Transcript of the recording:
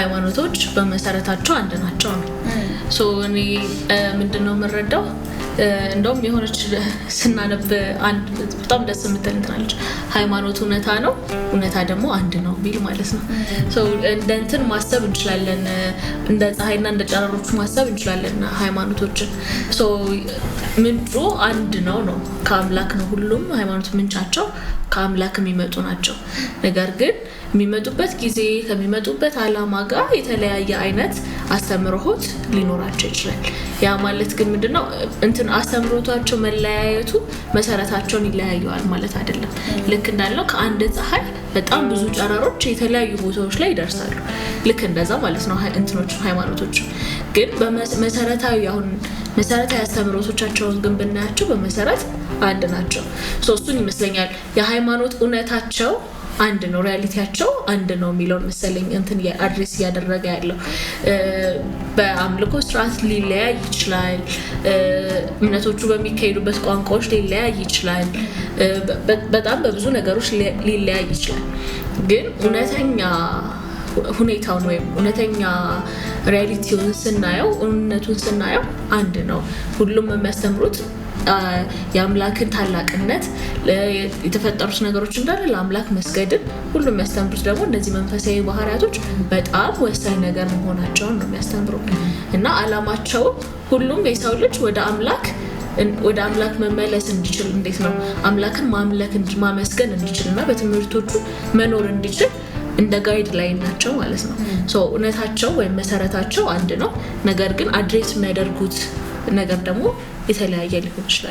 ሃይማኖቶች በመሰረታቸው አንድ ናቸው ነው። እኔ ምንድነው የምረዳው? እንደውም የሆነች ስናነብ በጣም ደስ የምትል እንትን አለች። ሃይማኖት እውነታ ነው፣ እውነታ ደግሞ አንድ ነው ቢል ማለት ነው። እንደ እንትን ማሰብ እንችላለን፣ እንደ ፀሐይና እንደ ጨረሮች ማሰብ እንችላለን። ሃይማኖቶችን ምንጩ አንድ ነው ነው ከአምላክ ነው። ሁሉም ሃይማኖት ምንጫቸው ከአምላክ የሚመጡ ናቸው። ነገር ግን የሚመጡበት ጊዜ ከሚመጡበት አላማ ጋር የተለያየ አይነት አስተምህሮት ሊኖራቸው ይችላል። ያ ማለት ግን ምንድነው እንትን አስተምሮታቸው መለያየቱ መሰረታቸውን ይለያየዋል ማለት አይደለም። ልክ እንዳለው ከአንድ ፀሐይ በጣም ብዙ ጨረሮች የተለያዩ ቦታዎች ላይ ይደርሳሉ። ልክ እንደዛ ማለት ነው። እንትኖች ሃይማኖቶች ግን መሰረታዊ አሁን መሰረታዊ አስተምሮቶቻቸውን ግን ብናያቸው በመሰረት አንድ ናቸው። ሶስቱን ይመስለኛል የሃይማኖት እውነታቸው አንድ ነው፣ ሪያሊቲያቸው አንድ ነው የሚለውን መሰለኝ እንትን አድሬስ እያደረገ ያለው። በአምልኮ ስርዓት ሊለያይ ይችላል፣ እምነቶቹ በሚካሄዱበት ቋንቋዎች ሊለያይ ይችላል፣ በጣም በብዙ ነገሮች ሊለያይ ይችላል። ግን እውነተኛ ሁኔታውን ወይም እውነተኛ ሪያሊቲውን ስናየው እውነቱን ስናየው አንድ ነው። ሁሉም የሚያስተምሩት የአምላክን ታላቅነት የተፈጠሩት ነገሮች እንዳለ ለአምላክ መስገድን ሁሉ የሚያስተምሩት ደግሞ እነዚህ መንፈሳዊ ባህሪያቶች በጣም ወሳኝ ነገር መሆናቸውን ነው የሚያስተምሩ እና አላማቸው ሁሉም የሰው ልጅ ወደ አምላክ ወደ አምላክ መመለስ እንዲችል እንዴት ነው አምላክን ማምለክ ማመስገን እንዲችል እና በትምህርቶቹ መኖር እንዲችል እንደ ጋይድ ላይ ናቸው ማለት ነው። እውነታቸው ወይም መሰረታቸው አንድ ነው። ነገር ግን አድሬስ የሚያደርጉት ነገር ደግሞ የተለያየ ሊሆን ይችላል።